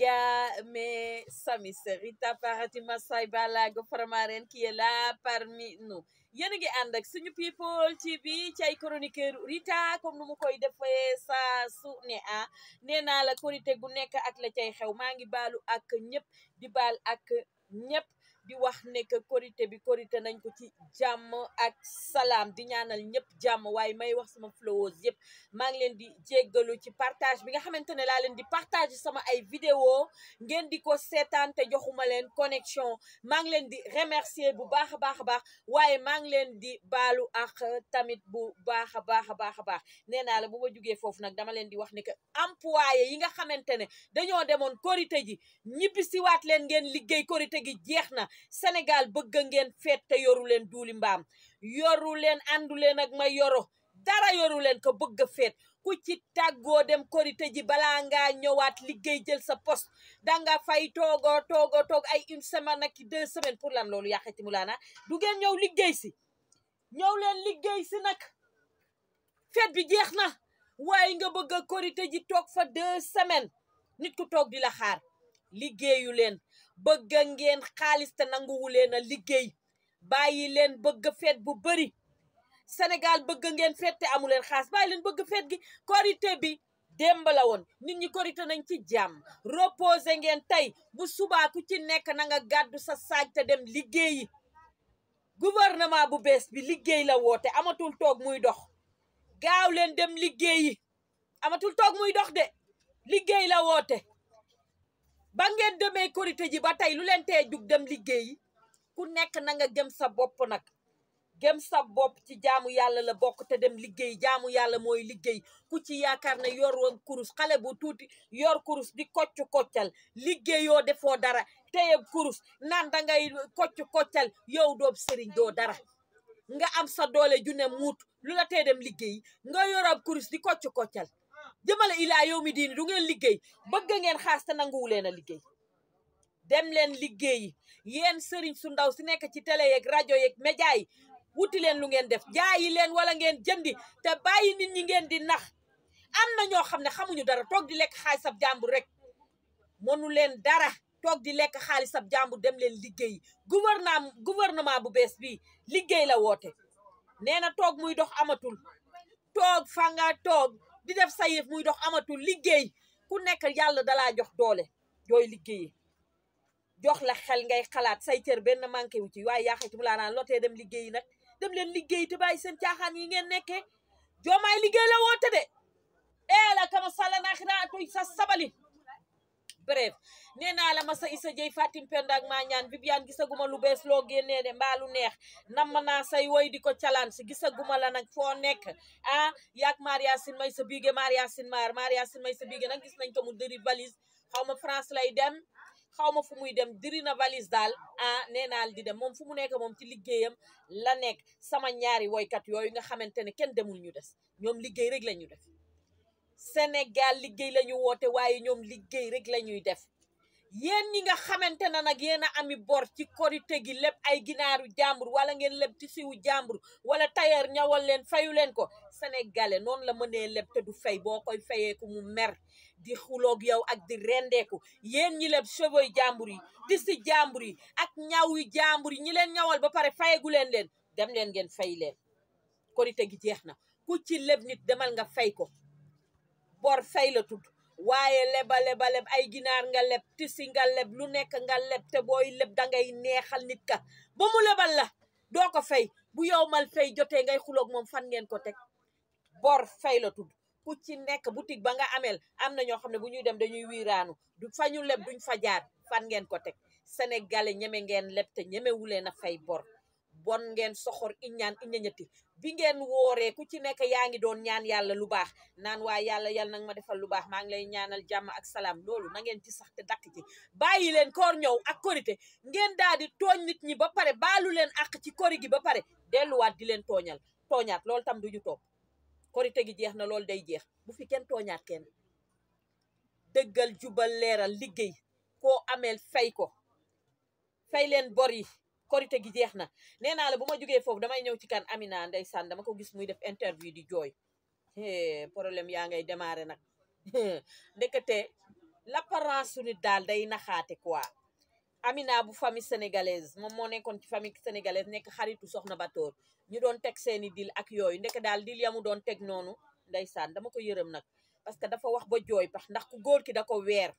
gars, mes amis, c'est Rita Parati Masai Balago Faramaren qui est là parmi nous. yéen a ngi ànd ak suñu people TV ci ay chroniqueur Rita comme nu mu koy defee saa su ne a ah. nee naa la korité gu nekk ak la cay xew maa ngi baalu ak ñëpp di baal ak ñëpp. di wax ne que korité bi korité nañ ko ci jàmm ak salaam di ñaanal ñëpp jàmm waaye may wax sama flowos yëpp maa ngi leen di jéggalu ci partage bi nga xamante ne laa leen di partage sama ay vidéo ngeen di ko seetaan te joxuma leen connexion maa ngi leen di remercier bu baax a baax a baax waaye maa ngi leen di baalu ak tamit bu baax a baax a baax a baax nee naa la bu jugee foofu nag dama leen di wax ne que employé yi nga xamante ne dañoo demoon korité ji ñibbisiwaat leen ngeen liggéey korité gi jeex na Sénégal bëgg ngeen feet te yoru leen duuli mbaam yoru leen àndu leen ak ma yoro dara yoru leen ko bëgg feet ku ci tàggoo dem korite ji balaa ngaa ñëwaat liggéey jël sa poste danga fay toogo toogo toog ay une semaine ak deux semaines pour lan loolu yàqati mu laana du ñëw liggéey si ñëw leen liggéey si nag feet bi jeex na waaye nga bëgg a korite ji toog fa deux semaine nit ku toog di la xaar liggéeyu leen bëgg ngeen xaalis te nanguwu leen a liggéey bàyyi leen bëgg feet bu bëri Sénégal bëgg ngeen feet te amu leen xaalis bàyyi leen bëgg feet gi korité bi démb la woon nit ñi korité nañ ci jàmm reposé ngeen tey bu subaa ci nekk nanga nga gàddu sa saaj te dem liggéeyi gouvernement bu bees bi liggéey la woote amatul muy dox gaaw dem liggéeyi amatul toog muy dox de liggéey la woote ba ngeen demee korité ji ba tey lu leen tee jug dem liggéeyi ku nekk na nga gëm sa bopp nag gëm sa bopp ci jaamu yàlla la bokk te dem liggéey jaamu yàlla mooy liggéey ku ci yaakaar ne yor woon kurus xale bu tuuti yor kurus di kocc koccal liggéeyoo defoo dara téyeb kurus naan da ngay kocc koccal yow doob sëriñ doo dara nga am sa doole ju ne muut lu la tee dem liggéey nga yorab kurus di kocc koccal jëmale ilaa yow mi diini du ngeen liggéey bëgg ngeen xaas te nanguwu leen a liggéey dem leen liggéeyi yéen sëriñ su ndaw si nekk ci télé yeeg rajo yeeg média yi wuti leen lu ngeen def jaayi leen wala ngeen jëndi te bàyyi nit ñi ngeen di nax am na ñoo xam ne xamuñu dara toog di lekk xaalisab jàmbur rek mënu leen dara toog di lekk xaalisab jàmbur dem leen liggéey gouvernement gouvernement bu bees bi liggéey la woote nee na toog muy dox amatul toog fa toog di def sa muy dox amatul liggéey ku nekk yàlla dalaa jox doole jooy liggéeyee jox la xel ngay xalaat say cër benn manqué wu ci waaye yaa mu laa naan lotee dem liggéey nag dem leen liggéey te bàyyi seen caaxaan yi ngeen nekkee joomaay liggéey la woote la ma sa isa jëy fatim penda ak maa ñaan Viviane gisaguma lu bees loo génnee de mbaa lu neex nam naa say woy di ko calan challenge gisaguma la nag foo nekk ah yaag Maria may sa bige Maria Sin maar Maria may sa bige nag gis nañ ko mu dëri valise xaw ma France lay dem xaw ma fu muy dem diri na valise daal ah nee naal di dem moom fu mu nekk moom ci liggéeyam la nekk sama ñaari woykat yooyu nga xamante ne kenn demul ñu des ñoom liggéey rek la ñu def Sénégal liggéey la woote waaye ñoom liggéey rek la ñuy def yéen ñi nga xamante ne nag yéen a ami bor ci korite gi lépp ay ginaaru jàmbur wala ngeen lépp ci siwu jàmbur wala tailleur ñawal leen fayu leen ko sénégalais noonu la mënee lépp te du fay boo koy fayeeku mu mer di xuloog yow ak di rendeeku yéen ñi lépp cheveux jàmbur yi tisi jàmbur yi ak ñaw yi jàmbur yi ñi leen ñawal ba pare fayegu leen leen dem leen ngeen fay leen korite gi jeex na ku ci lépp nit demal nga fay ko bor fay la tudd waaye leba leba leb ay ginaar nga leb tisi nga leb lu nekk nga leb te booy leb dangay neexal nit ka ba mu lebal la doo ko fay bu yow mal fay jotee ngay xuloog moom fan ngeen ko teg bor fay la tudd ku ci nekk boutique ba nga ameel am na ñoo xam ne bu ñuy dem dañuy wiiraanu du fa ñu leb duñ fa jaar fan ngeen ko teg sénégalais ñeme ngeen leb te ñeme wuleen a fay bor bon ngeen ñaan iñaan iñañati bi ngeen wooree ku ci nekk yaa ngi doon ñaan yàlla lu baax naan waa yàlla yàlla nag ma defal lu baax maa ngi lay ñaanal jàmm ak salaam loolu na ngeen ci sax te dakk ci bàyyi leen koor ñëw ak korite ngeen daadi di nit ñi ba pare baalu leen ak ci kori gi ba pare delluwaat di leen tooñal tooñaat loolu tam du duñu topp korite gi jeex na loolu day jeex bu fi kenn tooñaat kenn dëggal jubal leeral liggéey koo ameel fay ko fay leen bor korite gi jeex na nee naa la bu ma jógee foofu damay ñëw ci kan Amina saan dama ko gis muy def interview di jooy problème yaa ngay démarré nag ndekete l'apparence su nit daal day naxaate quoi Amina bu famille sénégalaise moom moo nekkoon ci famille sénégalaise nekk xaritu soxna Batoor ñu doon teg seeni dil ak yooyu ndek daal dil yamu doon teg noonu ndeysaan dama ko yërëm nag parce que dafa wax ba jooy pax ndax ku góor ki da weer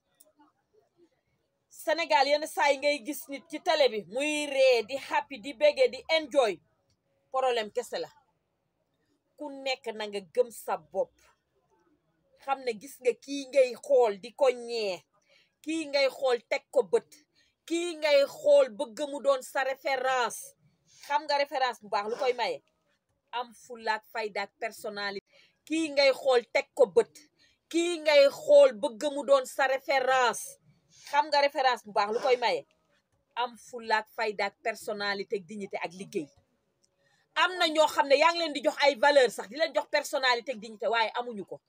Sénégal yenn saa ngay gis nit ci télé bi muy ree di happy di béggee di enjoy problème kese la ku nekk na nga gëm sa bopp xam ne gis nga kii ngay xool di ko ñee kii ngay xool teg ko bët kii ngay xool bëgg mu doon sa référence xam nga référence bu baax lu koy maye am fulaak faydaak personnalité kii ngay xool teg ko bët kii ngay xool bëgg mu doon sa référence xam nga référence bu baax lu koy maye am fulaak faydaak personnalité ak dignité ak liggéey am na ñoo xam ne yaa ngi leen di jox ay valeur sax di leen jox personnalité ak dignité waaye amuñu ko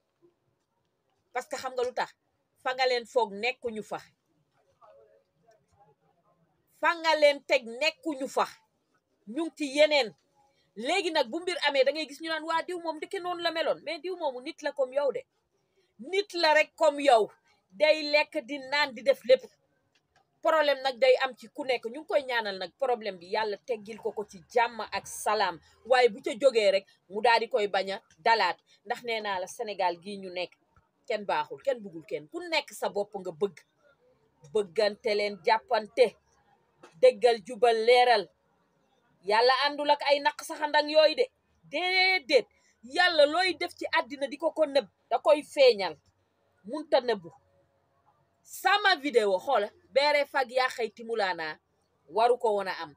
parce que xam nga lu tax fa leen foog nekkuñu fa fa nga leen teg nekkuñu fa ñu ngi ci yeneen léegi nag bu mbir amee da ngay gis ñu naan waa diw moom dëkke noonu la meloon mais diw moomu nit la comme yow de nit la rek comme yow day lekk di naan di def lépp problème nag day am ci ku nekk ñu ngi koy ñaanal nag problème bi yàlla teggil ko ko ci jàmm ak salaam waaye bu ca jógee rek mu daal di koy bañ a dalaat ndax nee naa la Sénégal gii ñu nekk kenn baaxul kenn bëggul kenn ku nekk sa bopp nga bëgg bëggante leen jàppante déggal jubal leeral yàlla àndul ak ay naq saxandang yooyu de déedéet yàlla looy def ci àddina di ko ko nëb da koy feeñal munta nëbbu sama vidéo xoola beere fag yaa xëy timulaanaa waru ko woon a am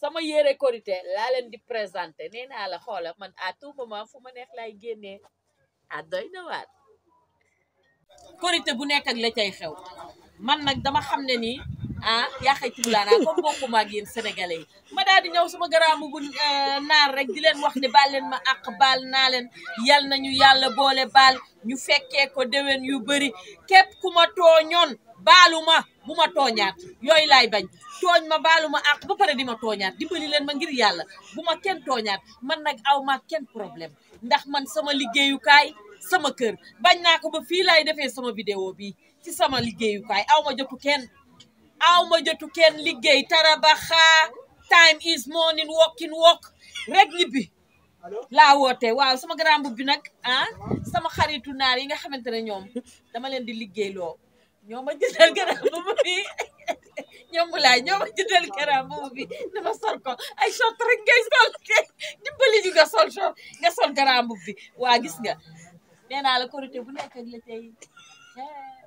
sama yére korité laa leen di présenté nee naa la xoola man à moment fu ma neex lay génne a doy na waat bu nekk ak la cay xew man nag dama xam ne nii ah yaa xay tubulaanaa comme bokkuma ak yéen sénégalais yi ma daal di ñëw sama garaamu bu eh, naar rek di leen wax ne baal leen ma àq baal naa leen yal ñu yàlla boole baal ñu fekkee ko déwén yu bari képp ku ma tooñoon baalu ma bu ma tooñaat yooyu laay bañ tooñ ma baalu ma àq ba pare di ma tooñaat dimbali leen ma ngir yàlla bu ma kenn tooñaat man nag aw ma kenn problème ndax man sama liggéeyukaay sama kër bañ naa ko ba fii laay defee sama vidéo bi ci sama liggéeyukaay aw ma jotu kenn ma jotu kenn liggéey tarabaxaa time is morning walk in walk rek ñibbi laa woote waaw sama grand mbubb bi nag ah sama xaritu naar yi nga xamante ne ñoom dama leen di liggéey loo ñoo ma jëndal grand mbubb bi ñoom laay ñoo ma jëndal grand mbubb bi dama sol sol sol short nga bi waa gis nga nee naa la korité bu nekk ak la